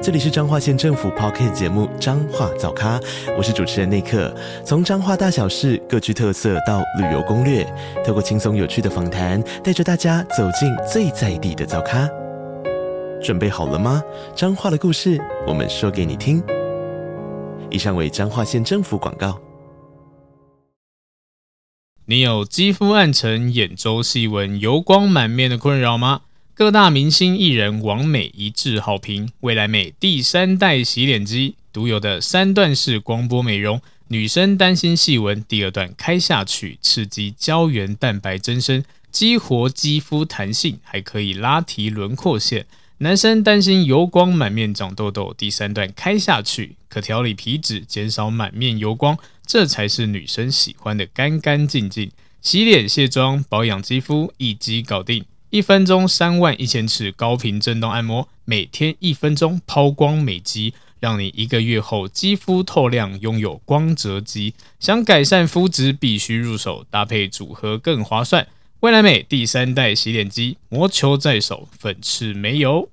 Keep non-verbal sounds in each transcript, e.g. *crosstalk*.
這裡是彰化縣政府 Podcast 節目《彰化早咖》，我是主持人內克。從彰化大小事各具特色到旅遊攻略，透過輕鬆有趣的訪談，帶着大家走進最在地的早咖。準備好了嗎？彰化的故事，我們說給你聽。以上為彰化縣政府廣告。你有肌膚暗沉、眼周細紋、油光滿面的困擾嗎？各大明星藝人網美一致好評。未來美第三代洗臉機獨有的三段式光波美容。女生擔心細紋，第二段開下去刺激膠原蛋白增生，激活肌膚彈性，還可以拉提輪廓線。男生擔心油光滿面長痘痘，第三段開下去可調理皮脂，減少滿面油光。這才是女生喜歡的乾乾淨淨，洗臉卸妝保養肌膚一機搞定。一分鐘三萬一千次高頻振動按摩，每天一分鐘拋光美肌，讓你一個月後肌膚透亮，擁有光澤肌。想改善膚質，必須入手，搭配組合更划算。未來美第三代洗臉機，魔球在手，粉刺沒有。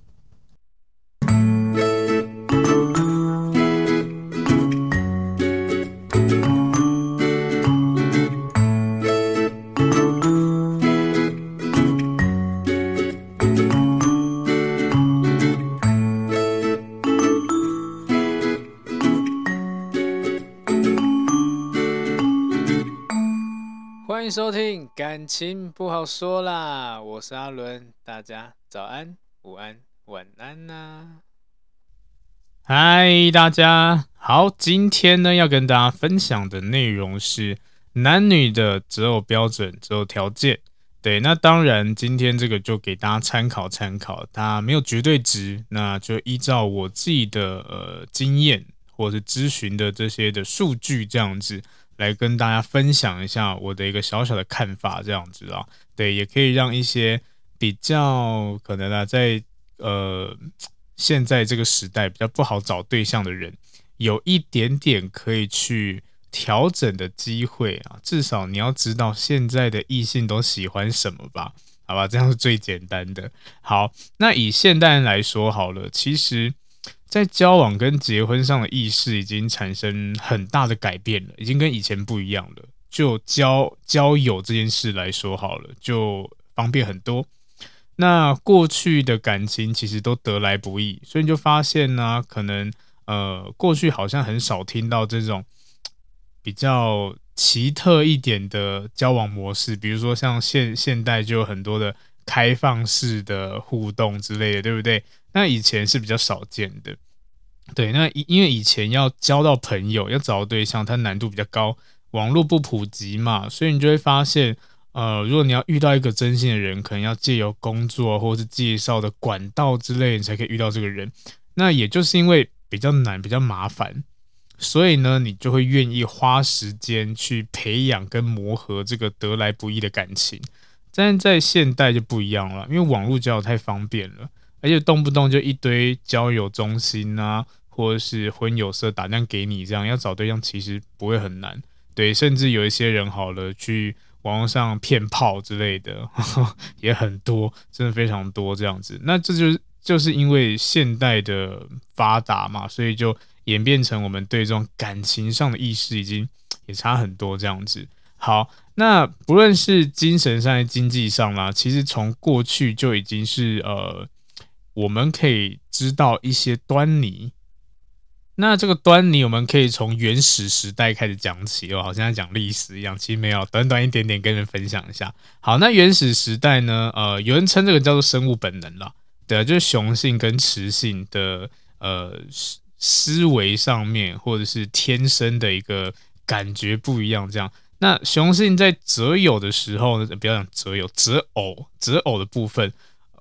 感情不好說啦，我是阿倫，大家早安、午安、晚安吶、啊！嗨，大家好，今天呢要跟大家分享的內容是男女的擇偶標準、擇偶條件。對，那當然今天這個就給大家參考參考，它沒有絕對值，那就依照我自己的呃經驗，或是諮詢的這些的數據這樣子。來跟大家分享一下我的一個小小的看法，這樣子啊，對，也可以讓一些比較可能啊，在呃現在這個時代比較不好找對象的人，有一點點可以去調整的機會啊。至少你要知道現在的異性都喜歡什麼吧，好吧？這樣是最簡單的。好，那以現代人來說好了，其實。在交往跟結婚上的意識已經產生很大的改變了，已經跟以前不一樣了。就交交友這件事來說好了，就方便很多。那過去的感情其實都得來不易，所以你就發現呢，啊，可能呃過去好像很少聽到這種比較奇特一點的交往模式，比如說像現現代就有很多的開放式的互動之類的，對不對？那以前是比較少見的，對，那因為以前要交到朋友，要找對象，它難度比較高，網絡不普及嘛，所以你就會發現，呃，如果你要遇到一個真心的人，可能要借由工作或是介紹的管道之類，你才可以遇到這個人。那也就是因為比較難，比較麻煩，所以呢，你就會願意花時間去培養跟磨合這個得來不易的感情。但在現代就不一樣了，因為網絡交友太方便了。而且動不動就一堆交友中心啊，或者是婚友社打量給你，這樣,這樣要找對象其實不會很難，對，甚至有一些人好了去網絡上騙炮之類的 *laughs* 也很多，真的非常多這樣子。那這就是、就是因為現代的發達嘛，所以就演變成我們對這種感情上的意識已經也差很多這樣子。好，那不論是精神上、經濟上啦、啊，其實從過去就已經是呃。我們可以知道一些端倪，那這個端倪我們可以從原始時代開始講起哦，我好像在講歷史一樣，其實沒有，短短一點點跟人分享一下。好，那原始時代呢？呃，有人稱這個叫做生物本能啦，對啊，就是雄性跟雌性的呃思維上面或者是天生的一個感覺不一樣，這樣。那雄性在擇友的時候呢，呃，不要講擇友，擇偶，擇偶的部分。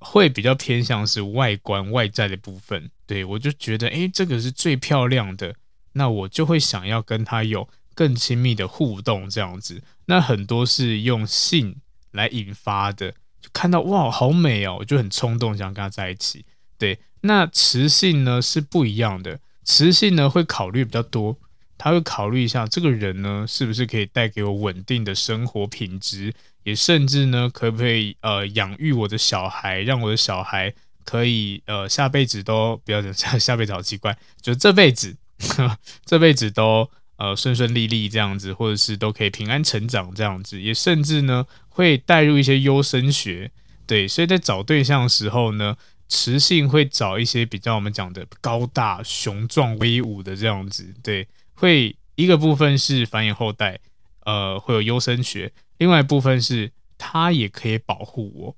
會比較偏向是外觀外在的部分，對，我就覺得，誒這個是最漂亮的，那我就會想要跟他有更親密的互動這樣子。那很多是用性來引發的，就看到哇，好美哦，我就很衝動想跟他在一起。對，那雌性呢是不一樣的，雌性呢會考慮比較多。他會考慮一下這個人呢，是不是可以帶給我穩定的生活品質，也甚至呢，可不可以呃養育我的小孩，讓我的小孩可以呃下輩子都不要講下下輩子好奇怪，就是、這輩子呵這輩子都呃順順利利這樣子，或者是都可以平安成長這樣子，也甚至呢會帶入一些優生學，對，所以在找對象的時候呢，雌性會找一些比較我們講的高大雄壯威武的這樣子，對。會一個部分是繁衍後代，呃，會有優生學；另外一部分是它也可以保護我，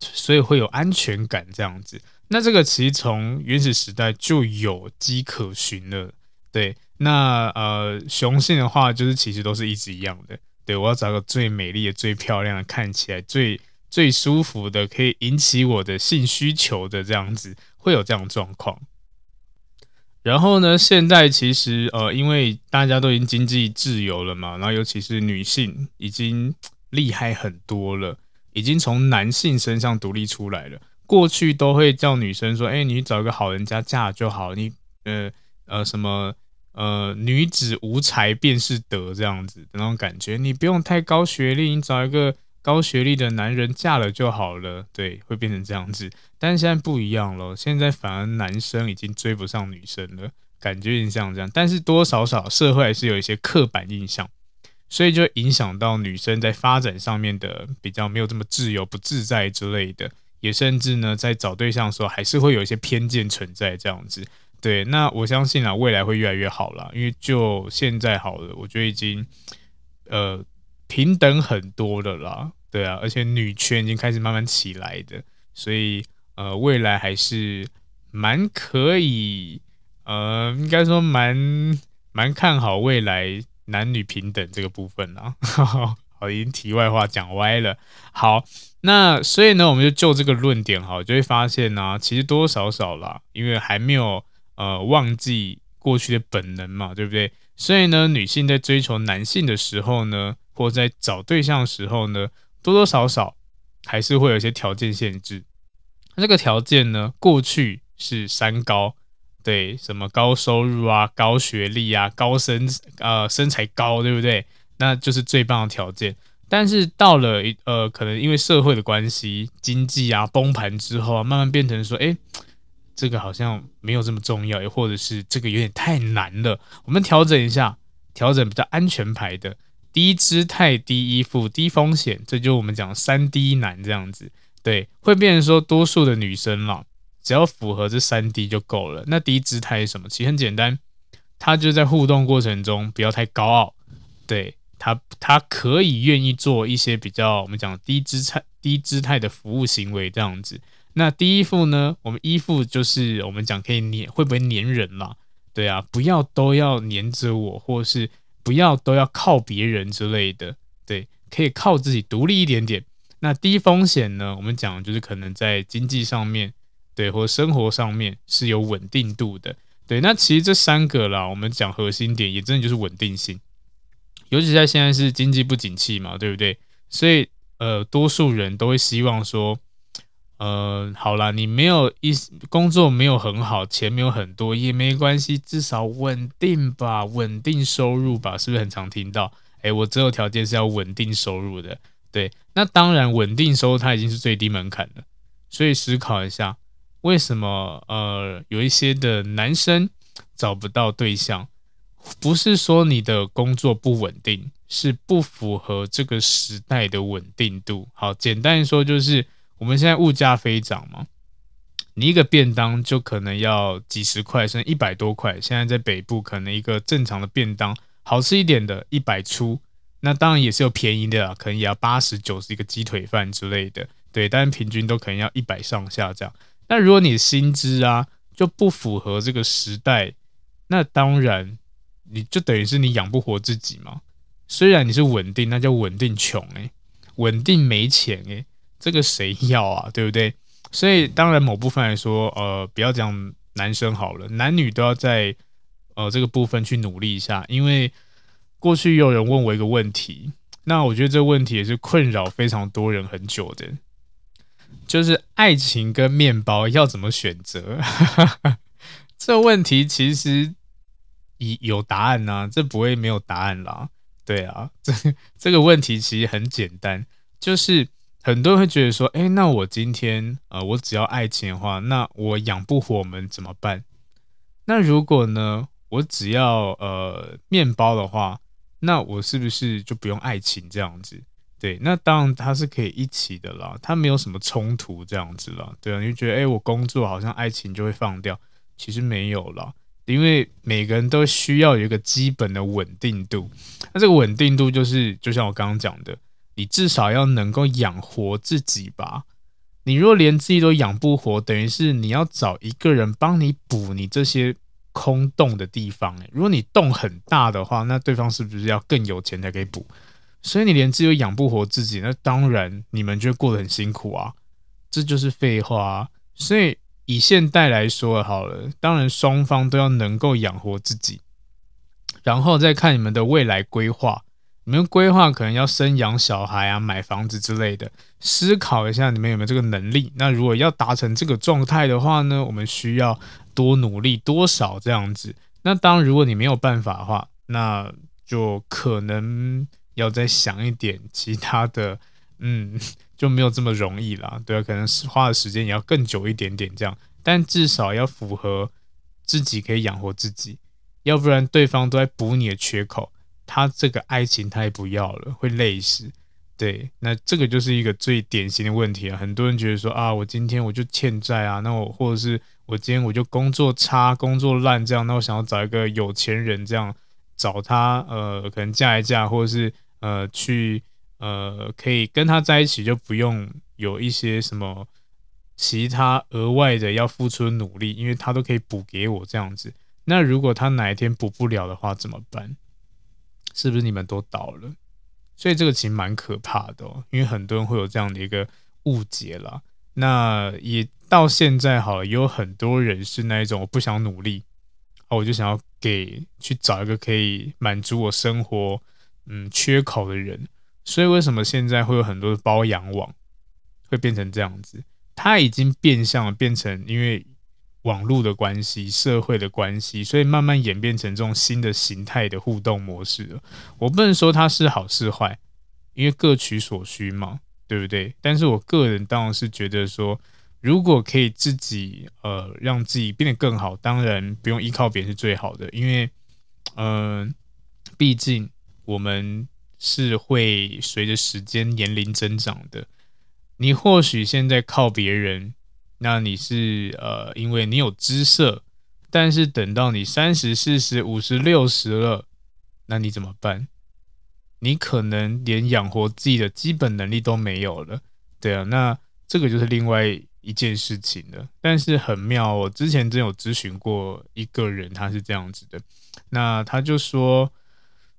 所以會有安全感這樣子。那這個其實從原始時代就有跡可循了。對，那呃，雄性的話就是其實都是一直一樣的。對，我要找個最美麗的、最漂亮的、看起來最最舒服的，可以引起我的性需求的這樣子，會有這樣的狀況。然後呢，現在其實呃，因為大家都已經經濟自由了嘛，然後尤其是女性已經厲害很多了，已經從男性身上獨立出來了。過去都會叫女生說：“哎、欸，你找一個好人家嫁就好。你”，你呃呃什麼呃，女子無才便是德這樣子的那種感覺，你不用太高學歷，你找一個。高學歷的男人嫁了就好了，對，會變成這樣子。但是現在不一樣了，現在反而男生已經追不上女生了，感覺像這樣。但是多少少社會還是有一些刻板印象，所以就影響到女生在發展上面的比較沒有這麼自由、不自在之類的。也甚至呢，在找對象的時候還是會有一些偏見存在這樣子。對，那我相信啊，未來會越來越好了，因為就現在好了，我覺得已經呃平等很多了啦。對啊，而且女權已經開始慢慢起來的，所以呃，未來還是蠻可以，呃，應該說蠻蠻看好未來男女平等這個部分啦、啊。 *laughs* 好，已經題外話講歪了。好，那所以呢，我們就就這個論點哈，就會發現呢、啊，其實多多少少啦，因為還沒有呃忘記過去的本能嘛，對不對？所以呢，女性在追求男性的時候呢，或在找對象的時候呢。多多少少還是會有一些條件限制，那這個條件呢，過去是三高，對，什麼高收入啊、高學歷啊、高身呃身材高，對不對？那就是最棒的條件。但是到了一呃，可能因為社會的關係、經濟啊崩盤之後，啊，慢慢變成說，哎、欸，這個好像沒有這麼重要，或者是這個有點太難了，我們調整一下，調整比較安全牌的。低姿態、低依附、低風險，這就是我們講三低男這樣子，對，會變成說多數的女生啦，只要符合這三低就夠了。那低姿態是什麼？其實很簡單，她就在互動過程中不要太高傲，對她他，他可以願意做一些比較我們講低姿態低姿態的服務行為這樣子。那低依附呢？我們依附就是我們講可以黏，會不會黏人嘛？對啊，不要都要黏着我，或是。不要都要靠別人之類的，對，可以靠自己獨立一點點。那低風險呢？我們講就是可能在經濟上面，對，或生活上面是有穩定度的，對。那其實這三個啦，我們講核心點也真的就是穩定性。尤其在現在是經濟不景氣嘛，對不對？所以呃，多數人都會希望說。呃，好啦，你沒有一工作沒有很好，錢沒有很多也沒關係，至少穩定吧，穩定收入吧，是不是很常聽到？哎、欸，我擇偶條件是要穩定收入的。對，那當然穩定收入它已經是最低門檻了。所以思考一下，為什麼呃有一些的男生找不到對象？不是說你的工作不穩定，是不符合這個時代的穩定度。好，簡單說就是。我們現在物價飛漲嘛，你一個便當就可能要幾十塊，甚至一百多塊。現在在北部，可能一個正常的便當好吃一點的，一百出。那當然也是有便宜的啊，可能也要八十九十一個雞腿飯之類的。對，但平均都可能要一百上下這樣。那如果你的薪資啊就不符合這個時代，那當然你就等於是你養不活自己嘛。雖然你是穩定，那叫穩定窮哎、欸，穩定沒錢哎、欸。這個誰要啊？對不對？所以當然，某部分來說，呃，不要講男生好了，男女都要在呃這個部分去努力一下。因為過去有人問我一個問題，那我覺得這個問題也是困擾非常多人很久的，就是愛情跟麵包要怎麼選擇？ *laughs* 這問題其實有有答案啦、啊，這不會沒有答案啦。對啊，這這個問題其實很簡單，就是。很多人會覺得說，欸，那我今天，呃，我只要愛情的話，那我養不活我們怎麼辦？那如果呢，我只要呃麵包的話，那我是不是就不用愛情這樣子？對，那當然它是可以一起的啦，它沒有什麼衝突這樣子啦。對啊，你就覺得，欸，我工作好像愛情就會放掉，其實沒有啦，因為每個人都需要有一個基本的穩定度。那這個穩定度就是，就像我剛剛講的。你至少要能夠養活自己吧。你若連自己都養不活，等於是你要找一個人幫你補你這些空洞的地方欸。如果你洞很大的話，那對方是不是要更有錢才可以補？所以你連自己都養不活自己，那當然你們就過得很辛苦啊。這就是廢話啊。所以以現代來說好了，當然雙方都要能夠養活自己，然後再看你們的未來規劃。你們規劃可能要生養小孩啊、買房子之類的，思考一下你們有沒有這個能力。那如果要達成這個狀態的話呢，我們需要多努力多少這樣子？那當然如果你沒有辦法的話，那就可能要再想一點其他的，嗯，就沒有這麼容易啦，對啊，可能花的時間也要更久一點點這樣，但至少要符合自己可以養活自己，要不然對方都在補你的缺口。他這個愛情他也不要了，會累死。對，那這個就是一個最典型的問題啊。很多人覺得說啊，我今天我就欠債啊，那我，或者是我今天我就工作差、工作爛這樣，那我想要找一個有錢人這樣找他，呃，可能嫁一嫁，或者是呃去呃可以跟他在一起，就不用有一些什麼其他額外的要付出的努力，因為他都可以補給我這樣子。那如果他哪一天補不了的話，怎麼辦？是不是你們都倒了？所以這個其實蠻可怕的哦，因為很多人會有這樣的一個誤解啦。那也到現在好了，也有很多人是那一種，我不想努力，啊、哦，我就想要給去找一個可以滿足我生活嗯缺口的人。所以為什麼現在會有很多的包養網會變成這樣子？他已經變相變成因為。網絡的關係，社會的關係，所以慢慢演變成這種新的形態的互動模式了。我不能說它是好是壞，因為各取所需嘛，對不對？但是我個人當然是覺得說，如果可以自己呃讓自己變得更好，當然不用依靠別人是最好的。因為，嗯、呃，畢竟我們是會隨着時間年齡增長的。你或許現在靠別人。那你是呃，因為你有姿色，但是等到你三十、四十、五十、六十了，那你怎麼辦？你可能連養活自己的基本能力都沒有了，對啊，那這個就是另外一件事情了。但是很妙，我之前真有諮詢過一個人，他是這樣子的，那他就說。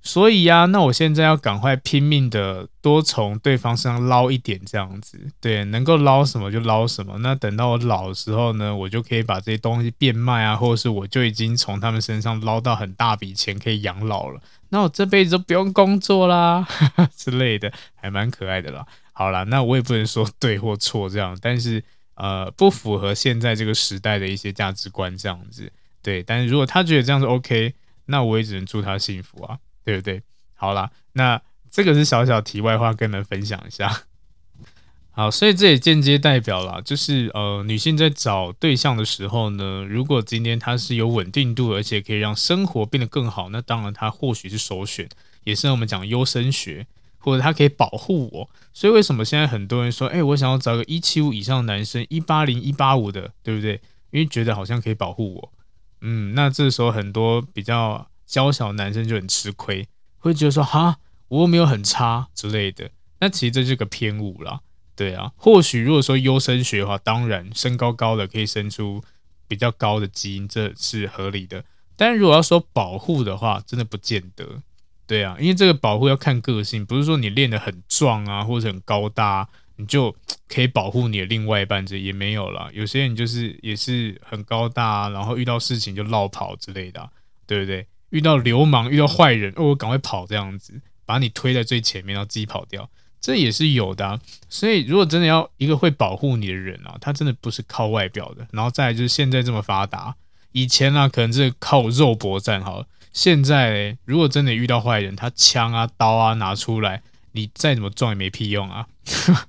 所以呀、啊，那我現在要趕快拼命的多從對方身上撈一點，這樣子，對，能夠撈什麼就撈什麼。那等到我老的時候呢，我就可以把這些東西變賣啊，或者是我就已經從他們身上撈到很大筆錢，可以養老了。那我這輩子都不用工作啦哈哈 *laughs* 之類的，還蠻可愛的啦。好啦，那我也不能說對或錯這樣，但是呃，不符合現在這個時代的一些價值觀這樣子，對。但是如果他覺得這樣子 OK，那我也只能祝他幸福啊。對不對？好了，那這個是小小題外話，跟你們分享一下。好，所以這也間接代表了，就是呃，女性在找對象的時候呢，如果今天她是有穩定度，而且可以讓生活變得更好，那當然她或許是首選，也是我們講優生學，或者她可以保護我。所以為什麼現在很多人說，哎、欸，我想要找個一七五以上男生，一八零一八五的，對不對？因為覺得好像可以保護我。嗯，那這時候很多比較嬌小男生就很吃虧，會覺得說哈，我又沒有很差之類的。那其實這就是個偏誤啦，對啊。或許如果說優生學的話，當然身高高的可以生出比較高的基因，這是合理的。但如果要說保護的話，真的不見得，對啊，因為這個保護要看個性，不是說你練得很壯啊，或者很高大啊，你就可以保護你的另外一半，這也沒有啦，有些人就是也是很高大啊，然後遇到事情就落跑之類的啊，對不對？遇到流氓，遇到壞人，哦、我趕快跑，這樣子把你推在最前面，然後自己跑掉，這也是有的、啊。所以如果真的要一個會保護你的人啊，他真的不是靠外表的。然後再來就是現在這麼發達，以前呢、啊、可能是靠肉搏戰，好了，現在呢，如果真的遇到壞人，他槍啊刀啊拿出來，你再怎麼撞也沒屁用啊。 *laughs*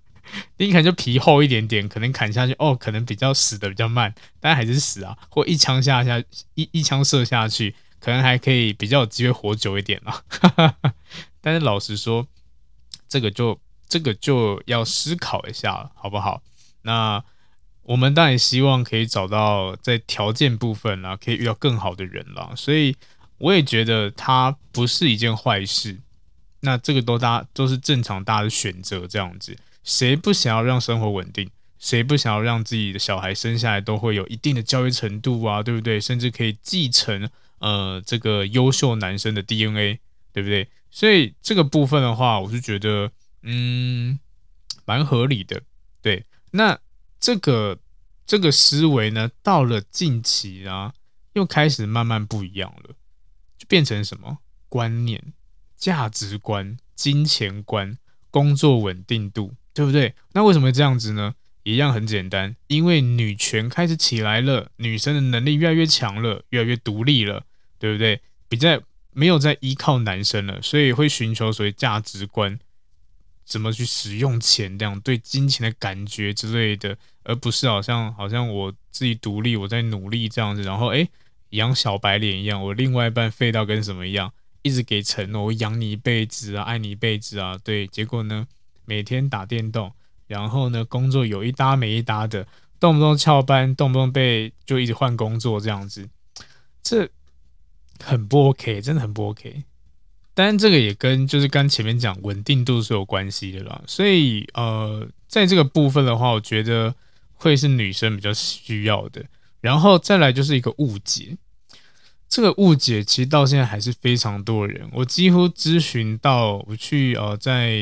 你可能就皮厚一點點，可能砍下去哦，可能比較死的比較慢，但還是死啊，或一槍下下一一槍射下去。可能還可以比較有機會活久一點啦， *laughs* 但是老實說，這個就這個就要思考一下了，好不好？那我們當然希望可以找到在條件部分啦，可以遇到更好的人啦。所以我也覺得他不是一件壞事。那這個都大都是正常大家的選擇，這樣子，誰不想要讓生活穩定？誰不想要讓自己的小孩生下來都會有一定的教育程度啊，對不對？甚至可以繼承。呃，這個優秀男生的 DNA，對不對？所以這個部分的話，我是覺得，嗯，蠻合理的。對，那這個這個思維呢，到了近期啊，又開始慢慢不一樣了，就變成什麼觀念、價值觀、金錢觀、工作穩定度，對不對？那為什麼這樣子呢？一樣很簡單，因為女權開始起來了，女生的能力越來越強了，越來越獨立了。對不對？比較沒有在依靠男生了，所以會尋求所謂價值觀，怎麼去使用錢這樣對金錢的感覺之類的，而不是好像好像我自己獨立我在努力這樣子，然後誒養小白臉一樣，我另外一半廢到跟什麼一樣，一直給承諾我養你一輩子啊，愛你一輩子啊，對，結果呢，每天打電動，然後呢，工作有一搭沒一搭的，動不動翹班，動不動被就一直換工作這樣子，這。很不 OK，真的很不 OK。當然，這個也跟就是剛前面講穩定度是有關係的啦。所以呃，在這個部分的話，我覺得會是女生比較需要的。然後再來就是一個誤解，這個誤解其實到現在還是非常多人。我幾乎諮詢到我去呃在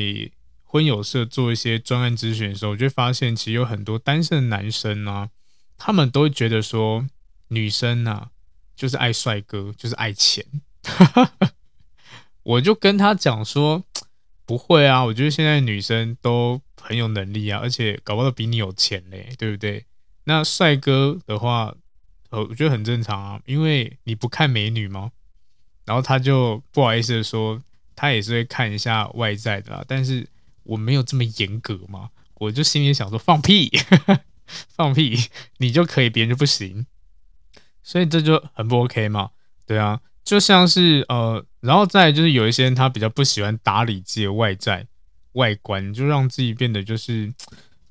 婚友社做一些專案諮詢的時候，我就發現其實有很多單身的男生啊，他們都會覺得說女生吶、啊。就是愛帥哥，就是愛錢。 *laughs* 我就跟他講說，不會啊，我覺得現在女生都很有能力啊，而且搞不好比你有錢嘞，對不對？那帥哥的話，呃，我覺得很正常啊，因為你不看美女嗎？然後他就不好意思的說，他也是會看一下外在的啦，但是我沒有這麼嚴格嘛。我就心裡想說，放屁， *laughs* 放屁，你就可以，別人就不行。所以這就很不 OK 嘛，對啊，就像是呃，然後再來就是有一些人他比較不喜歡打理自己的外在外觀，就讓自己變得就是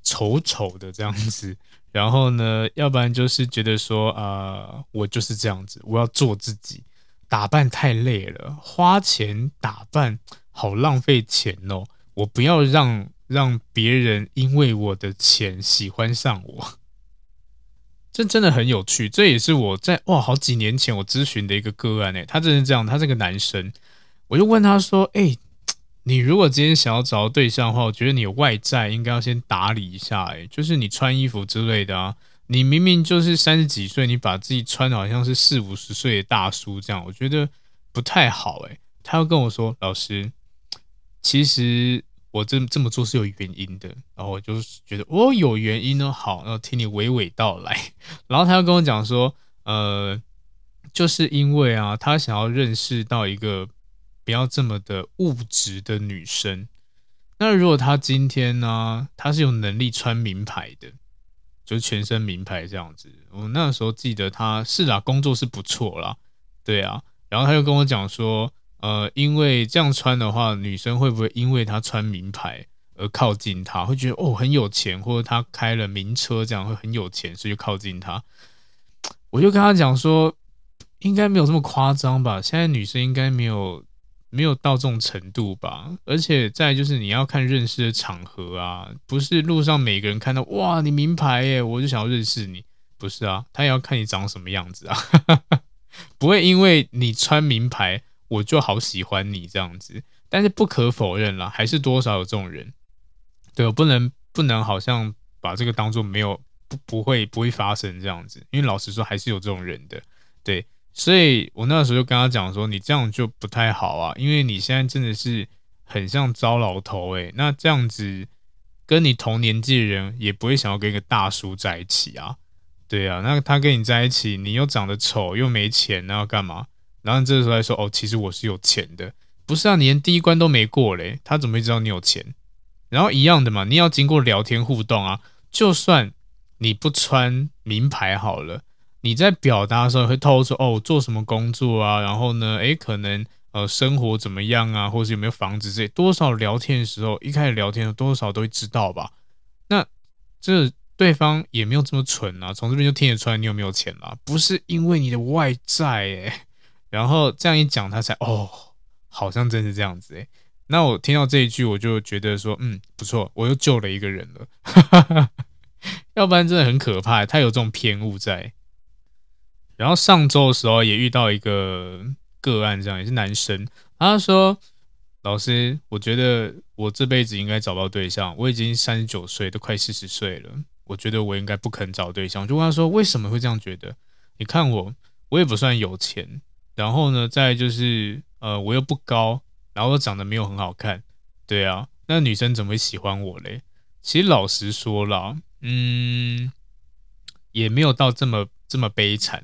丑丑的這樣子。然後呢，要不然就是覺得說啊，呃，我就是這樣子，我要做自己，打扮太累了，花錢打扮好浪費錢哦，我不要讓讓別人因為我的錢喜歡上我。這真的很有趣，這也是我在哇好幾年前我諮詢的一個個案欸，他真的是這樣，他是個男生，我就問他說，欸，你如果今天想要找到對象的話，我覺得你有外在應該要先打理一下欸，就是你穿衣服之類的啊，你明明就是三十幾歲，你把自己穿的好像是四五十歲的大叔這樣，我覺得不太好欸，他又跟我說老師，其實。我這這麼做是有原因的，然後我就覺得我、哦、有原因呢，好，然後聽你娓娓道來。然後他又跟我講說，呃，就是因為啊，他想要認識到一個不要這麼的物質的女生。那如果他今天呢、啊，他是有能力穿名牌的，就是全身名牌這樣子。我那時候記得他是啊，工作是不錯啦，對啊。然後他又跟我講說。呃，因為這樣穿的話，女生會不會因為她穿名牌而靠近他？會覺得哦很有錢，或者他開了名車，這樣會很有錢，所以就靠近他。我就跟他講說，應該沒有這麼誇張吧？現在女生應該沒有沒有到這種程度吧？而且再來就是你要看認識的場合啊，不是路上每個人看到哇你名牌耶，我就想要認識你，不是啊？他也要看你長什麼樣子啊， *laughs* 不會因為你穿名牌。我就好喜歡你這樣子，但是不可否認啦，還是多少有這種人。對，我不能不能好像把這個當做沒有不不會不會發生這樣子，因為老實說還是有這種人的。對，所以我那個時候就跟他講說，你這樣就不太好啊，因為你現在真的是很像糟老頭誒、欸。那這樣子，跟你同年紀的人也不會想要跟一個大叔在一起啊。對啊，那他跟你在一起，你又長得醜又沒錢，那要幹嘛？然後這個時候還說哦，其實我是有錢的，不是啊？你連第一關都沒過嘞，他怎麼會知道你有錢？然後一樣的嘛，你要經過聊天互動啊，就算你不穿名牌好了，你在表達的時候會透露說哦，我做什麼工作啊？然後呢，哎，可能呃，生活怎麼樣啊？或者是有沒有房子之類？這多少聊天的時候，一開始聊天的時候多少都會知道吧？那這對方也沒有這麼蠢啊，從這邊就聽得出來你有沒有錢啊？不是因為你的外在、欸，誒然後這樣一講，他才哦，好像真是這樣子誒。那我聽到這一句，我就覺得說，嗯，不錯，我又救了一個人了。哈哈哈。要不然真的很可怕，他有這種偏誤在。然後上周的時候也遇到一個個案，這樣也是男生，他說：“老師，我覺得我這輩子應該找不到對象，我已經三十九歲，都快四十歲了，我覺得我應該不肯找對象。”我就問他說：“為什麼會這樣覺得？你看我，我也不算有錢。”然後呢，再就是，呃，我又不高，然後又長得沒有很好看，對啊，那女生怎麼會喜歡我嘞？其實老實說啦，嗯，也沒有到這麼這麼悲慘，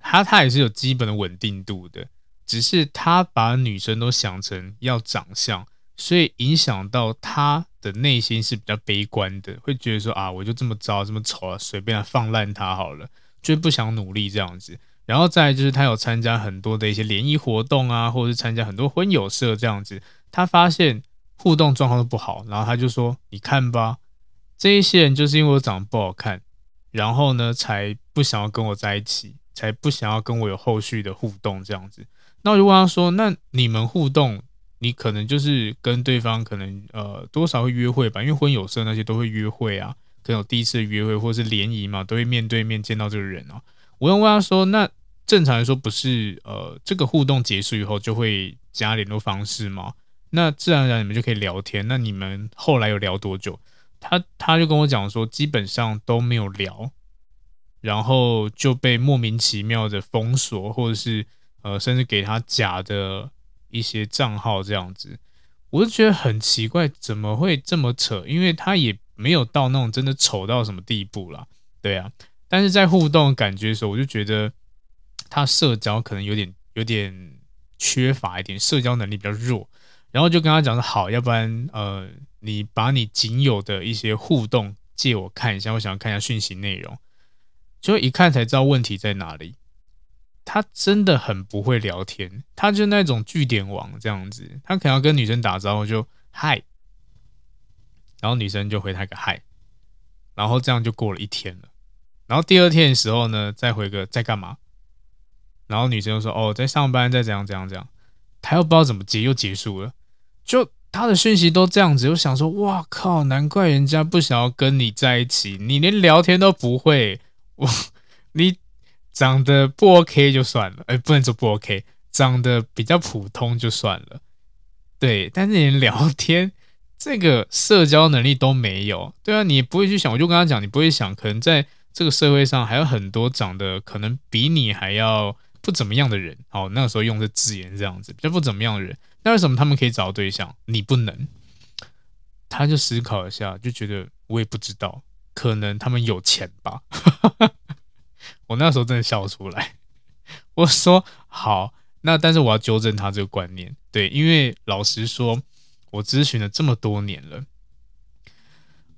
她她也是有基本的穩定度的，只是她把女生都想成要長相，所以影響到她的內心是比較悲觀的，會覺得說啊，我就這麼糟啊，這麼醜啊，隨便放爛她好了，就不想努力這樣子。然後再就是，他有參加很多的一些聯誼活動啊，或者是參加很多婚友社這樣子。他發現互動狀況都不好，然後他就說：“你看吧，這一些人就是因為我長得不好看，然後呢，才不想要跟我在一起，才不想要跟我有後續的互動這樣子。”那如果他說：“那你們互動，你可能就是跟對方可能呃多少會約會吧？因為婚友社那些都會約會啊，可能有第一次約會或是聯誼嘛，都會面對面見到這個人哦、啊。”我問問他，說：“那正常來說不是，呃，這個互動結束以後就會加聯絡方式嗎？那自然而然你們就可以聊天。那你們後來有聊多久？”他他就跟我講說：“基本上都沒有聊，然後就被莫名其妙的封鎖，或者是呃，甚至給他假的一些賬號這樣子。”我就覺得很奇怪，怎麼會這麼扯？因為他也沒有到那種真的醜到什麼地步啦，對啊。但是在互動的感覺的時候，我就覺得他社交可能有點有點缺乏一點，社交能力比較弱。然後就跟他講說：“好，要不然呃，你把你僅有的一些互動借我看一下，我想要看一下訊息內容，就一看才知道問題在哪裡。他真的很不會聊天，他就那種句點王這樣子。他可能要跟女生打招呼就嗨，然後女生就回他一個嗨，然後這樣就過了一天了。”然後第二天的時候呢，再回個在幹嘛？然後女生又說哦，在上班，在怎樣怎樣怎樣，他又不知道怎麼接，又結束了，就他的訊息都這樣子。我想說，哇靠，難怪人家不想要跟你在一起，你連聊天都不會。我你長得不 OK 就算了，哎，不能說不 OK，長得比較普通就算了。對，但是你連聊天這個社交能力都沒有，對啊，你不會去想，我就跟他講，你不會想可能在。這個社會上還有很多長得可能比你還要不怎麼樣的人，好，那個時候用的字眼是這樣子，就不怎麼樣的人，那為什麼他們可以找到對象，你不能？他就思考一下，就覺得我也不知道，可能他們有錢吧。 *laughs* 我那時候真的笑出來，我說好，那但是我要糾正他這個觀念，對，因為老實說，我諮詢了這麼多年了。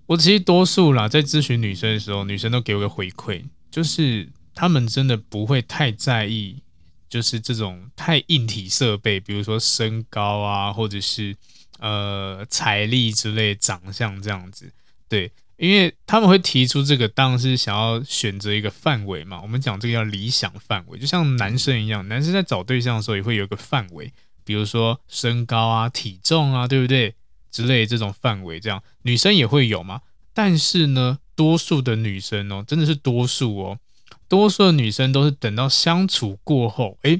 我其實多數啦，在諮詢女生的時候，女生都給我個回饋，就是她們真的不會太在意，就是這種太硬體設備，比如說身高啊，或者是呃財力之類的、長相這樣子。對，因為他們會提出這個，當然是想要選擇一個範圍嘛。我們講這個叫理想範圍，就像男生一樣，男生在找對象的時候也會有一個範圍，比如說身高啊、體重啊，對不對？之類的這種範圍，這樣女生也會有嘛？但是呢，多數的女生哦、喔，真的是多數哦、喔，多數的女生都是等到相處過後，誒、欸、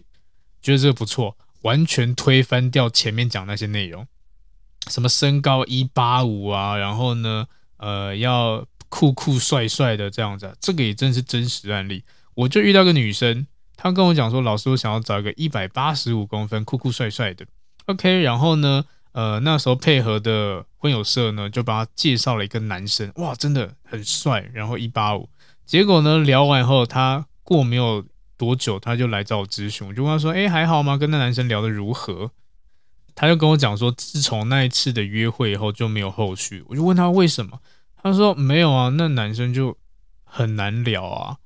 覺得這個不錯，完全推翻掉前面講那些內容，什麼身高一八五啊，然後呢，呃，要酷酷帥帥的這樣子、啊。這個也真是真實案例，我就遇到一個女生，她跟我講說，老師，我想要找一個一百八十五公分酷酷帥帥的，OK，然後呢？呃，那時候配合的婚友社呢，就幫他介紹了一個男生，哇，真的很帥，然後一八五，結果呢，聊完以後，他過沒有多久，他就來找我諮詢，我就問他說，哎、欸，還好嗎？跟那男生聊得如何？他就跟我講說，自從那一次的約會以後就沒有後續，我就問他為什麼，他說沒有啊，那男生就很難聊啊，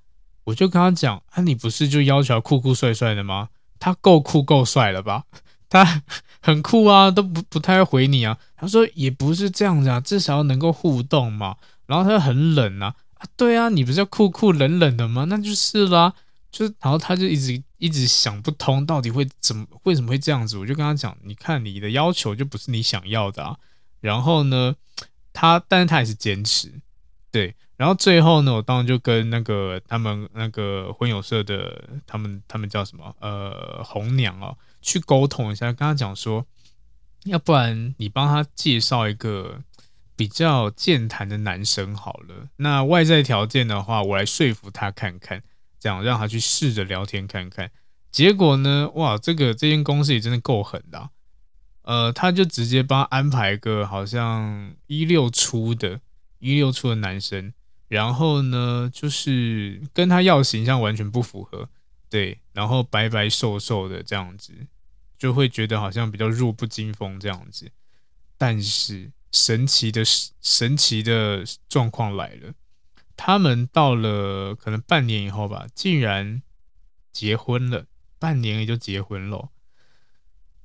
我就跟他講，啊，你不是就要求他酷酷帥帥的嗎？他夠酷夠帥了吧？他很酷啊，都不不太會回你啊。他說也不是這樣子啊，至少要能夠互動嘛。然後他就很冷啊，啊對啊，你不是要酷酷冷冷的嗎？那就是啦，就是。然後他就一直一直想不通，到底會怎麼為什麼會這樣子？我就跟他講，你看你的要求就不是你想要的啊。然後呢，他但是他也是堅持，對。然後最後呢，我當然就跟那個他們那個婚友社的他們他們叫什麼呃紅娘啊。去溝通一下，跟他講說，要不然你幫他介紹一個比較健談的男生好了。那外在條件的話，我來說服他看看，這樣讓他去試着聊天看看。結果呢，哇，這個這間公司也真的夠狠的啊，呃，他就直接幫他安排一個好像一六初的一六初的男生，然後呢，就是跟他要形象完全不符合，對，然後白白瘦瘦的這樣子。就會覺得好像比較弱不禁風這樣子，但是神奇的神奇的狀況來了，他們到了可能半年以後吧，竟然結婚了，半年也就結婚了，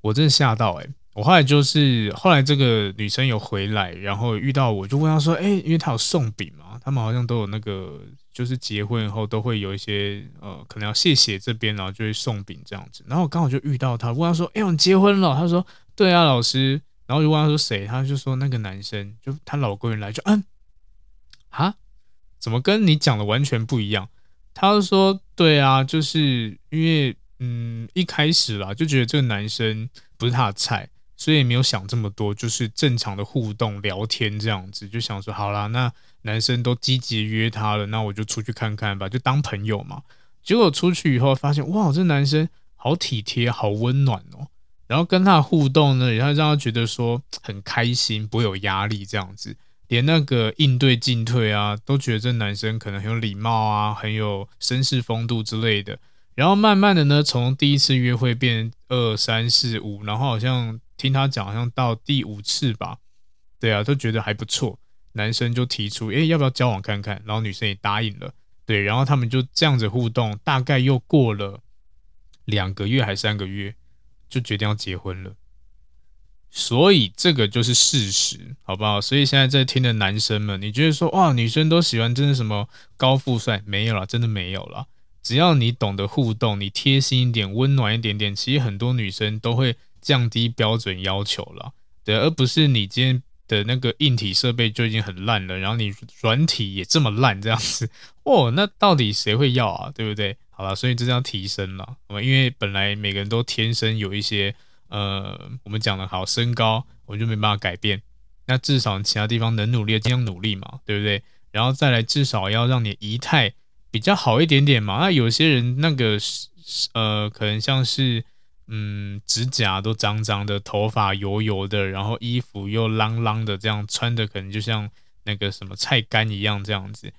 我真的嚇到哎、欸。我後來就是後來這個女生有回來，然後遇到我就問她說：“哎、欸，因為她有送餅嘛，他們好像都有那個，就是結婚後都會有一些呃，可能要謝謝這邊，然後就會送餅這樣子。然後我剛好就遇到她，問她說：‘哎、欸，我們結婚了？’她說：‘對啊，老師。’然後就問她說誰，她就說那個男生，就她老公一來，就嗯，蛤，怎麼跟你講的完全不一樣？她就說：‘對啊，就是因為嗯，一開始啦，就覺得這個男生不是她的菜。’所以也沒有想這麼多，就是正常的互動聊天這樣子，就想說好啦，那男生都積極約他了，那我就出去看看吧，就當朋友嘛。結果出去以後發現，哇，這男生好體貼，好溫暖哦。然後跟他互動呢，也讓他覺得說很開心，不會有壓力這樣子。連那個應對進退啊，都覺得這男生可能很有禮貌啊，很有紳士風度之類的。然後慢慢的呢，從第一次約會變二三四五，然後好像。聽他講，好像到第五次吧，對啊，都覺得還不錯。男生就提出，誒、欸，要不要交往看看？然後女生也答應了，對，然後他們就這樣子互動，大概又過了兩個月還是三個月，就決定要結婚了。所以這個就是事實，好不好？所以現在在聽的男生們，你覺得說，哇，女生都喜歡真的什麼高富帥？沒有了，真的沒有了。只要你懂得互動，你貼心一點，溫暖一點點，其實很多女生都會。降低標準要求了，對，而不是你今天的那個硬體設備就已經很爛了，然後你軟體也這麼爛這樣子哦，那到底誰會要啊？對不對？好了，所以這是要提升了，我們因為本來每個人都天生有一些，呃，我們講的好身高，我就沒辦法改變，那至少其他地方能努力盡量努力嘛，對不對？然後再來至少要讓你儀態比較好一點點嘛，那有些人那個是呃，可能像是。嗯，指甲都髒髒的，頭髮油油的，然後衣服又啷啷的，這樣穿的可能就像那個什麼菜乾一樣，這樣子。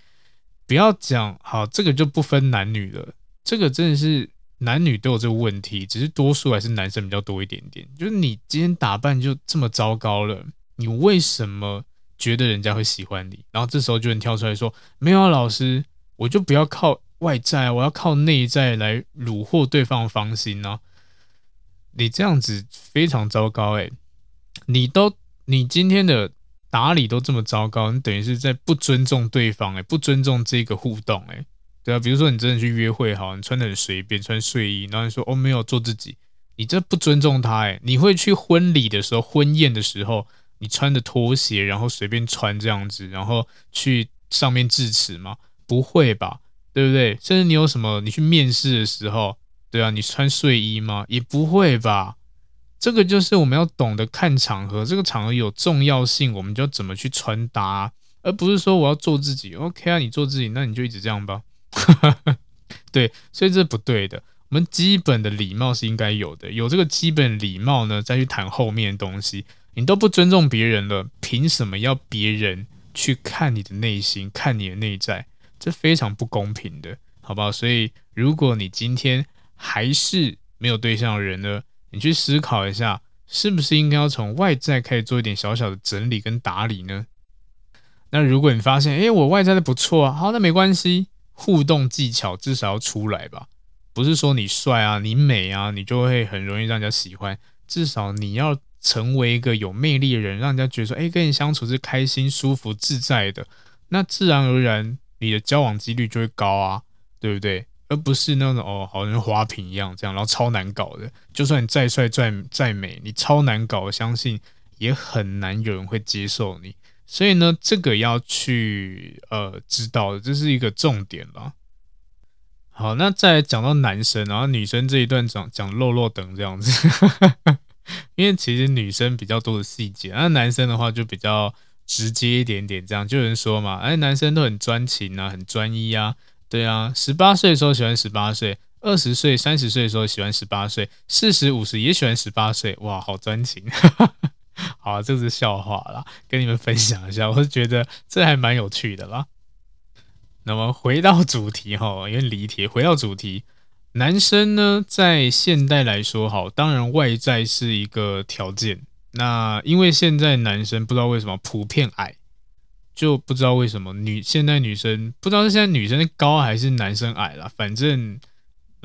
不要講好，這個就不分男女了，這個真的是男女都有這個問題，只是多數還是男生比較多一點點。就是你今天打扮就這麼糟糕了，你為什麼覺得人家會喜歡你？然後這時候就很跳出來說，沒有啊，老師，我就不要靠外在，我要靠內在來虜獲對方芳心吶。你這樣子非常糟糕欸！你都你今天的打理都這麼糟糕，你等於是在不尊重對方欸，不尊重這個互動欸，對啊。比如說你真的去約會好，你穿得很隨便，穿睡衣，然後你說哦沒有做自己，你這不尊重他欸。你會去婚禮的時候、婚宴的時候，你穿着拖鞋，然後隨便穿這樣子，然後去上面致辭嗎？不會吧，對不對？甚至你有什麼，你去面試的時候。對啊，你穿睡衣嗎？也不會吧。這個就是我們要懂得看場合，這個場合有重要性，我們就要怎麼去穿搭，而不是說我要做自己。OK 啊，你做自己，那你就一直這樣吧。 *laughs* 對，所以這是不對的。我們基本的禮貌是應該有的，有這個基本禮貌呢，再去談後面的東西。你都不尊重別人了，憑什麼要別人去看你的內心，看你的內在？這非常不公平的，好不好？所以如果你今天，還是沒有對象的人呢，你去思考一下，是不是應該要從外在開始做一點小小的整理跟打理呢？那如果你發現，哎、欸，我外在的不錯啊，好，那沒關係，互動技巧至少要出來吧。不是說你帥啊，你美啊，你就會很容易讓人家喜歡。至少你要成為一個有魅力的人，讓人家覺得說，哎、欸，跟你相處是開心、舒服、自在的。那自然而然，你的交往幾率就會高啊，對不對？而不是那種哦，好像花瓶一樣這樣，然後超難搞的。就算你再帥再再美，你超難搞，我相信也很難有人會接受你。所以呢，這個要去呃知道的，這是一個重點啦。好，那再來講到男生，然後女生這一段講講漏漏等這樣子， *laughs* 因為其實女生比較多的細節，那男生的話就比較直接一點點。這樣，就有人說嘛，哎、欸，男生都很專情啊，很專一啊。對啊，十八歲的時候喜歡十八歲，二十歲、三十歲的時候喜歡十八歲，四十五十也喜歡十八歲，哇，好專情， *laughs* 好、啊，這是笑話啦，跟你們分享一下，嗯、我是覺得這還蠻有趣的啦。那麼回到主題哈，因為離題，回到主題，男生呢，在現代來說，哈，當然外在是一個條件，那因為現在男生不知道為什麼普遍矮，就不知道為什麼女現在女生不知道是現在女生高還是男生矮啦，反正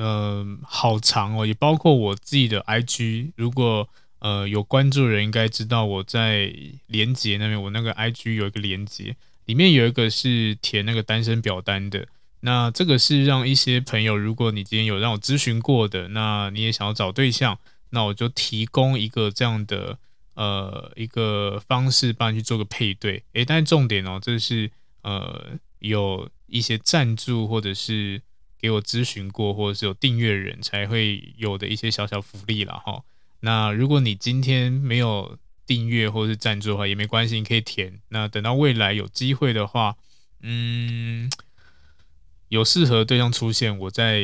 嗯，呃，好長哦，喔，也包括我自己的 IG，如果呃有關注的人應該知道我在連接那邊，我那個 IG 有一個連接，裡面有一個是填那個單身表單的，那這個是讓一些朋友，如果你今天有讓我諮詢過的，那你也想要找對象，那我就提供一個這樣的。呃，一個方式幫你去做個配對，誒，但是重點哦，這是呃有一些贊助或者是給我諮詢過或者是有訂閱人才會有的一些小小福利了哈。那如果你今天沒有訂閱或者是贊助的話也沒關係，你可以填。那等到未來有機會的話，嗯，有適合對象出現，我再。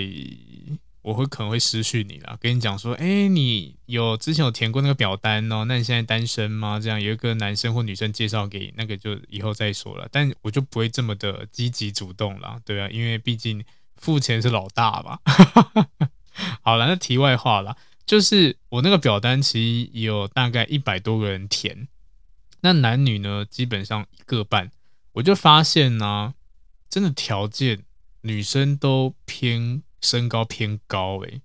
我會可能會失去你了，跟你講說，哎，你有之前有填過那個表單哦，那你現在單身嗎？這樣有一個男生或女生介紹給你那個，就以後再說了。但我就不會這麼的積極主動了，對啊，因為畢竟付錢是老大吧。 *laughs* 好了，那題外話了，就是我那個表單其實也有大概一百多個人填，那男女呢，基本上各半，我就發現呢、啊，真的條件女生都偏。身高偏高誒、欸，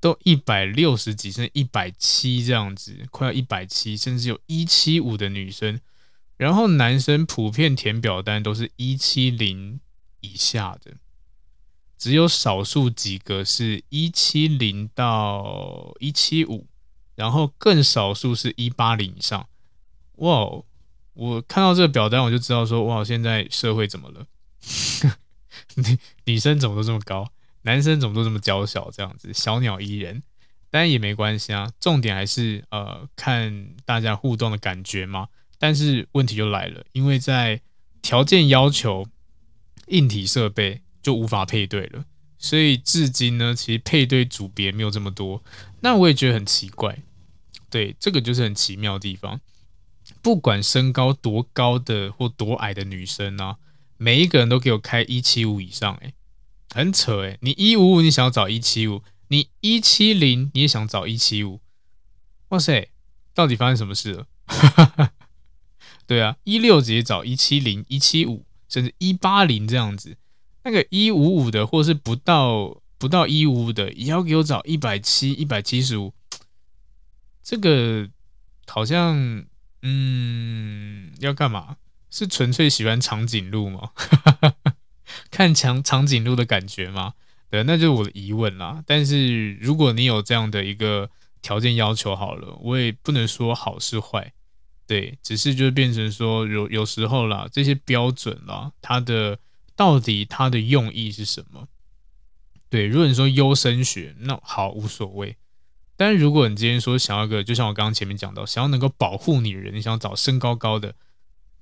都一百六十幾，甚至一百七這樣子，快要一百七，甚至有一七五的女生。然後男生普遍填表單都是一七零以下的，只有少數幾個是一七零到一七五，然後更少數是一八零以上。哇、wow,，我看到這個表單我就知道說，哇，現在社會怎麼了？女 *laughs* 女生怎麼都這麼高？男生怎麼都這麼嬌小，這樣子小鳥依人，當然也沒關係啊。重點還是呃看大家互動的感覺嘛。但是問題就來了，因為在條件要求硬體設備就無法配對了，所以至今呢，其實配對組別沒有這麼多。那我也覺得很奇怪，對，這個就是很奇妙的地方。不管身高多高的或多矮的女生呢、啊，每一個人都給我開一七五以上、欸，誒。很扯欸！你一五五，你想要找一七五；你一七零，你也想找一七五。哇塞，到底發生什麼事了？哈哈哈，對啊，一六直接找一七零、一七五，甚至一八零這樣子。那個一五五的，或是不到不到一五五的，也要給我找一百七、一百七十五。這個好像，嗯，要幹嘛？是純粹喜歡長頸鹿嗎？哈哈哈。看長長頸鹿的感覺嗎？對，那就是我的疑問啦。但是如果你有這樣的一個條件要求好了，我也不能說好是壞，對，只是就變成說有有時候啦，這些標準啦，它的到底它的用意是什麼？對，如果你說優生學，那好無所謂。但是如果你今天說想要個，就像我剛剛前面講到，想要能夠保護女人，你想要找身高高的，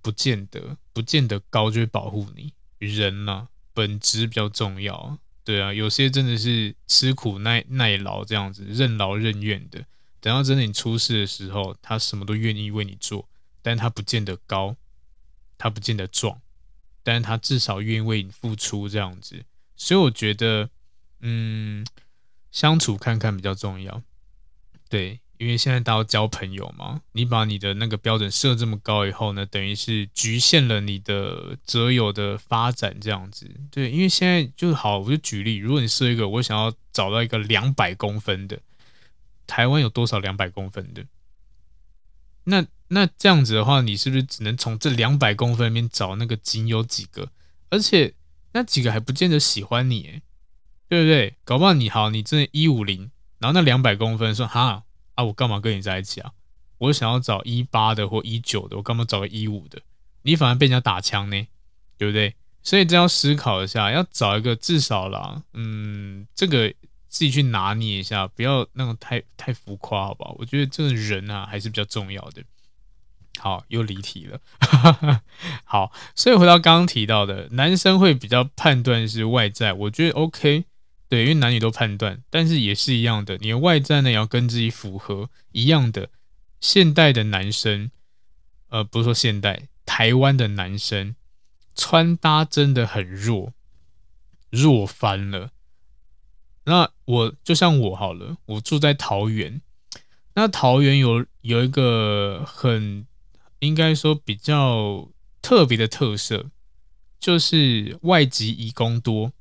不見得不見得高就會保護你人啦，啊。本質比較重要，對啊，有些真的是吃苦耐耐勞這樣子，任勞任怨的。等到真的你出事的時候，他什麼都願意為你做，但他不見得高，他不見得壯，但是他至少願意為你付出這樣子。所以我覺得，嗯，相處看看比較重要，對。因為現在大家交朋友嘛，你把你的那個標準設這麼高以後呢，等於是局限了你的擇友的發展這樣子。對，因為現在就好，我就舉例，如果你設一個，我想要找到一個兩百公分的，台灣有多少兩百公分的？那那這樣子的話，你是不是只能從這兩百公分裡面找那個僅有幾個？而且那幾個還不見得喜歡你欸，對不對？搞不好你好，你真的一五零，然後那兩百公分說哈。啊，我幹嘛跟你在一起啊？我想要找一八的或一九的，我幹嘛找個一五的？你反而被人家打槍呢，對不對？所以這要思考一下，要找一個至少啦，嗯，這個自己去拿捏一下，不要那種太太浮誇，好不好？我覺得這個人啊還是比較重要的。好，又離題了。 *laughs* 好，所以回到剛剛提到的，男生會比較判斷是外在，我覺得 OK。對，因為男女都判斷，但是也是一樣的。你的外在呢，也要跟自己符合一樣的。現代的男生，呃，不是說現代台灣的男生穿搭真的很弱，弱翻了。那我就像我好了，我住在桃園，那桃園有有一個很應該說比較特別的特色，就是外籍移工多。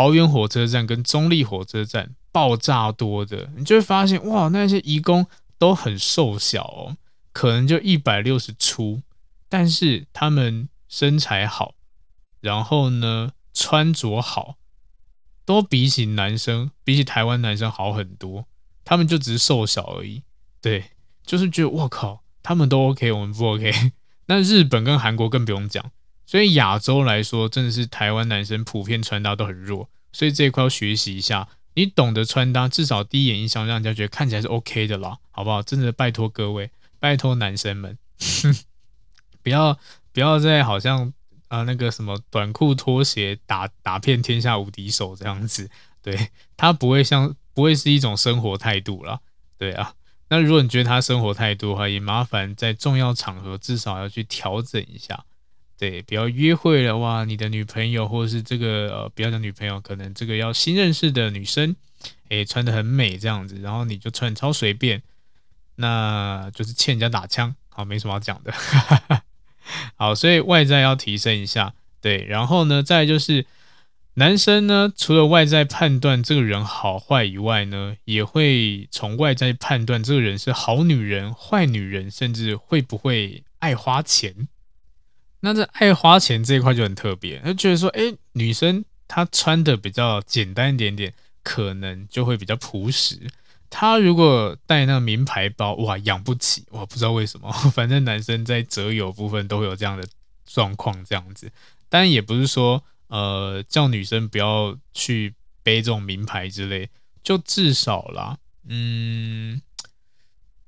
桃園火車站跟中壢火車站爆炸多的，你就會發現，哇，那些移工都很瘦小哦，可能就一百六十出，但是他們身材好，然後呢穿着好，都比起男生，比起台灣男生好很多。他們就只是瘦小而已，對，就是覺得我靠，他們都 OK，我們不 OK。 *laughs* 那日本跟韓國更不用講。所以亞洲來說，真的是台灣男生普遍穿搭都很弱，所以這一塊要學習一下。你懂得穿搭，至少第一眼印象讓人家覺得看起來是 OK 的啦，好不好？真的拜託各位，拜託男生們，呵呵不要不要再好像啊、呃、那個什麼短褲拖鞋打打遍天下無敵手這樣子，對，他不會像不會是一種生活態度啦。對啊，那如果你覺得他生活態度的話，也麻煩在重要場合至少要去調整一下。對，不要約會了哇！你的女朋友，或者是這個呃，不要講女朋友，可能這個要新認識的女生，哎，穿得很美這樣子，然後你就穿超隨便，那就是欠人家打槍，好，沒什麼要講的。 *laughs* 好，所以外在要提升一下，對，然後呢，再就是男生呢，除了外在判斷這個人好壞以外呢，也會從外在判斷這個人是好女人、壞女人，甚至會不會愛花錢。那這愛花錢這一塊就很特別，就覺得說，哎、欸，女生她穿的比較簡單一點點，可能就會比較樸實。她如果帶那個名牌包，哇，養不起哇，不知道為什麼，反正男生在擇偶部分都會有這樣的狀況這樣子。但也不是說，呃，叫女生不要去背這種名牌之類，就至少啦，嗯，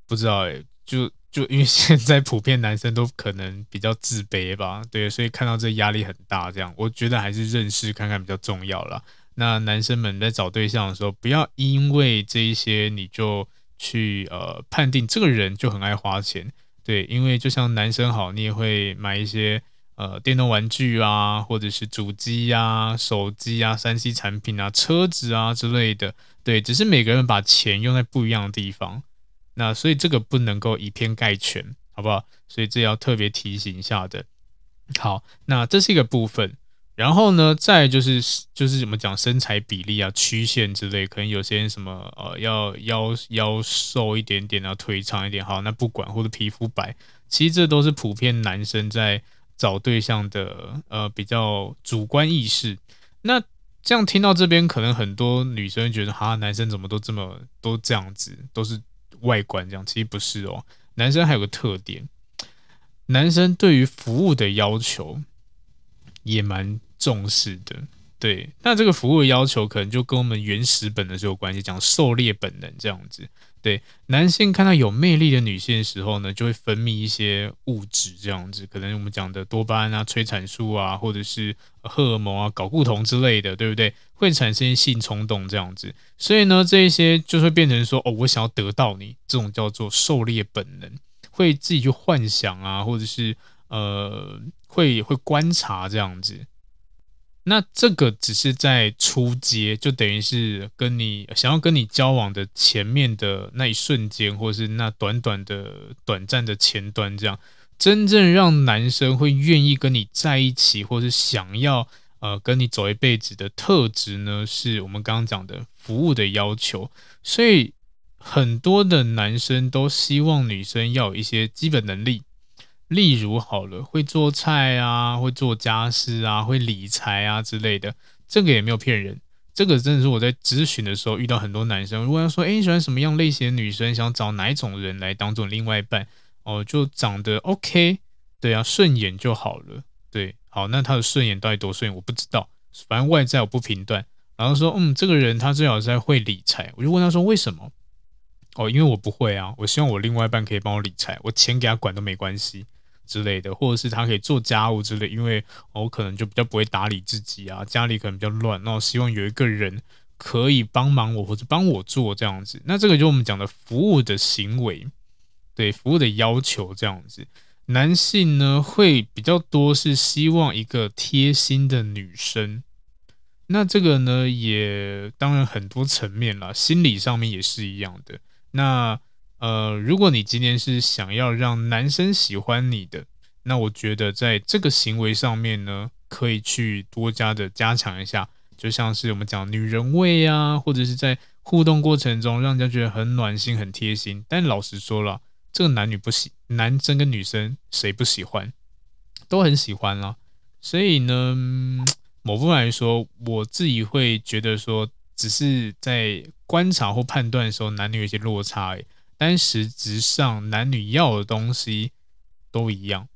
不知道哎、欸，就。就因為現在普遍男生都可能比較自卑吧，對，所以看到這壓力很大，這樣我覺得還是認識看看比較重要啦。那男生們在找對象的時候，不要因為這一些你就去呃判定這個人就很愛花錢，對，因為就像男生好，你也會買一些呃電動玩具啊，或者是主機啊、手機啊、三 C 產品啊、車子啊之類的，對，只是每個人把錢用在不一樣的地方。那所以這個不能夠以偏概全，好不好？所以這要特別提醒一下的。好，那這是一個部分，然後呢，再來就是就是怎麼講身材比例啊、曲線之類，可能有些人什麼呃，要腰腰瘦一點點啊，腿長一點。好，那不管或者皮膚白，其實這都是普遍男生在找對象的呃比較主觀意識。那這樣聽到這邊，可能很多女生覺得哈，男生怎麼都這麼都這樣子，都是。外觀這樣其實不是哦，男生還有個特點，男生對於服務的要求也蠻重視的。對，那這個服務的要求可能就跟我們原始本能是有關係，講狩獵本能這樣子。對，男性看到有魅力的女性的時候呢，就會分泌一些物質，這樣子，可能我們講的多巴胺啊、催產素啊，或者是荷爾蒙啊、睾固酮之類的，對不對？會產生性衝動這樣子，所以呢，這一些就會變成說哦，我想要得到你，這種叫做狩獵本能，會自己去幻想啊，或者是呃，會會觀察這樣子。那這個只是在初階，就等於是跟你想要跟你交往的前面的那一瞬間，或是那短短的短暫的前端這樣，真正讓男生會願意跟你在一起，或是想要。呃，跟你走一輩子的特質呢，是我們剛剛講的服務的要求，所以很多的男生都希望女生要有一些基本能力，例如好了，會做菜啊，會做家事啊，會理財啊之類的，這個也沒有騙人，這個真的是我在諮詢的時候遇到很多男生，如果要說，哎、欸，你喜歡什麼樣類型的女生，想找哪一種人來當做另外一半，哦、呃，就長得 OK，對啊，順眼就好了。對，好，那他的順眼到底多順眼，我不知道，反正外在我不評斷。然後說，嗯，這個人他最好是會理財，我就問他說為什麼？哦，因為我不會啊，我希望我另外一半可以幫我理財，我錢給他管都沒關係之類的，或者是他可以做家務之類，因為、哦、我可能就比較不會打理自己啊，家裡可能比較亂，那我希望有一個人可以幫忙我或者幫我做這樣子。那這個就是我們講的服務的行為，對服務的要求這樣子。男性呢，會比較多是希望一個貼心的女生。那這個呢，也當然很多層面了，心理上面也是一樣的。那呃，如果你今天是想要讓男生喜歡你的，那我覺得在這個行為上面呢，可以去多加的加強一下，就像是我們講女人味啊，或者是在互動過程中讓人家覺得很暖心、很貼心。但老實說了。這個男女不喜男生跟女生誰不喜歡，都很喜歡啦、啊。所以呢，某部分來說，我自己會覺得說，只是在觀察或判斷的時候，男女有一些落差而已。但實際上，男女要的東西都一樣。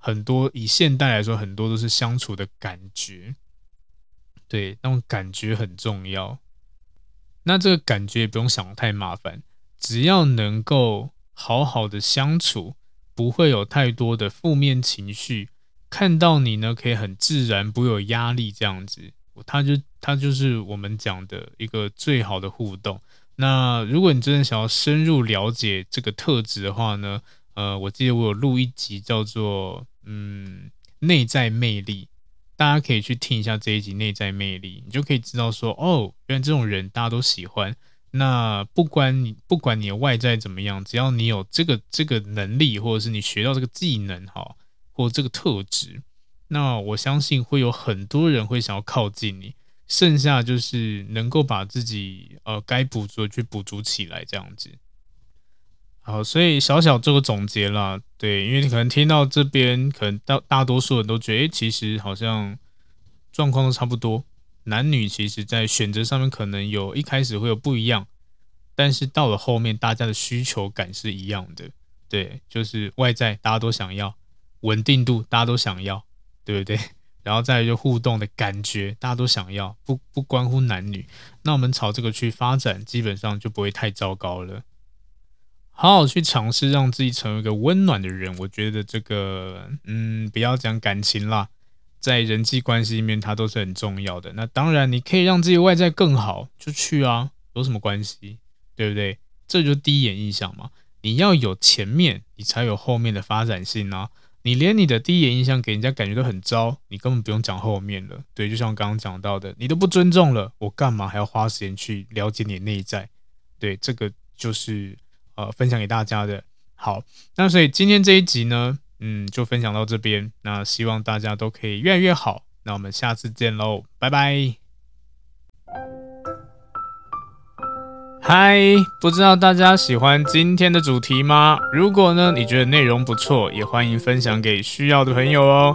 很多以現代來說，很多都是相處的感覺，對，那種感覺很重要。那這個感覺也不用想太麻煩，只要能夠，好好的相處，不會有太多的負面情緒。看到你呢，可以很自然，不會有壓力這樣子。它就它就是我們講的一個最好的互動。那如果你真的想要深入了解這個特質的話呢，呃，我記得我有錄一集叫做，嗯，「內在魅力」，大家可以去聽一下這一集“內在魅力”，你就可以知道說，哦，原來這種人大家都喜歡。那不管你不管你的外在怎麼樣，只要你有這個這個能力，或者是你學到這個技能哈，或這個特質，那我相信會有很多人會想要靠近你。剩下就是能夠把自己呃該補足的去補足起來，這樣子。好，所以小小做個總結啦，對，因為你可能聽到這邊，可能大大多數人都覺得，欸，其實好像狀況都差不多。男女其實，在選擇上面可能有一開始會有不一樣，但是到了後面，大家的需求感是一樣的。對，就是外在大家都想要，穩定度大家都想要，對不對？然後再就互動的感覺，大家都想要，不不關乎男女。那我們朝這個去發展，基本上就不會太糟糕了。好好去嘗試讓自己成為一個溫暖的人，我覺得這個，嗯，不要講感情啦。在人際關係裡面，它都是很重要的。那當然，你可以讓自己外在更好，就去啊，有什麼關係？對不對？這就是第一眼印象嘛。你要有前面，你才有後面的發展性啊。你連你的第一眼印象給人家感覺都很糟，你根本不用講後面了。對，就像我剛剛講到的，你都不尊重了，我幹嘛還要花時間去了解你內在？對，這個就是呃，分享給大家的。好，那所以今天這一集呢，嗯，就分享到這邊。那希望大家都可以越來越好。那我們下次見嘍，拜拜！嗨，不知道大家喜歡今天的主題嗎？如果呢，你覺得內容不錯，也歡迎分享給需要的朋友哦。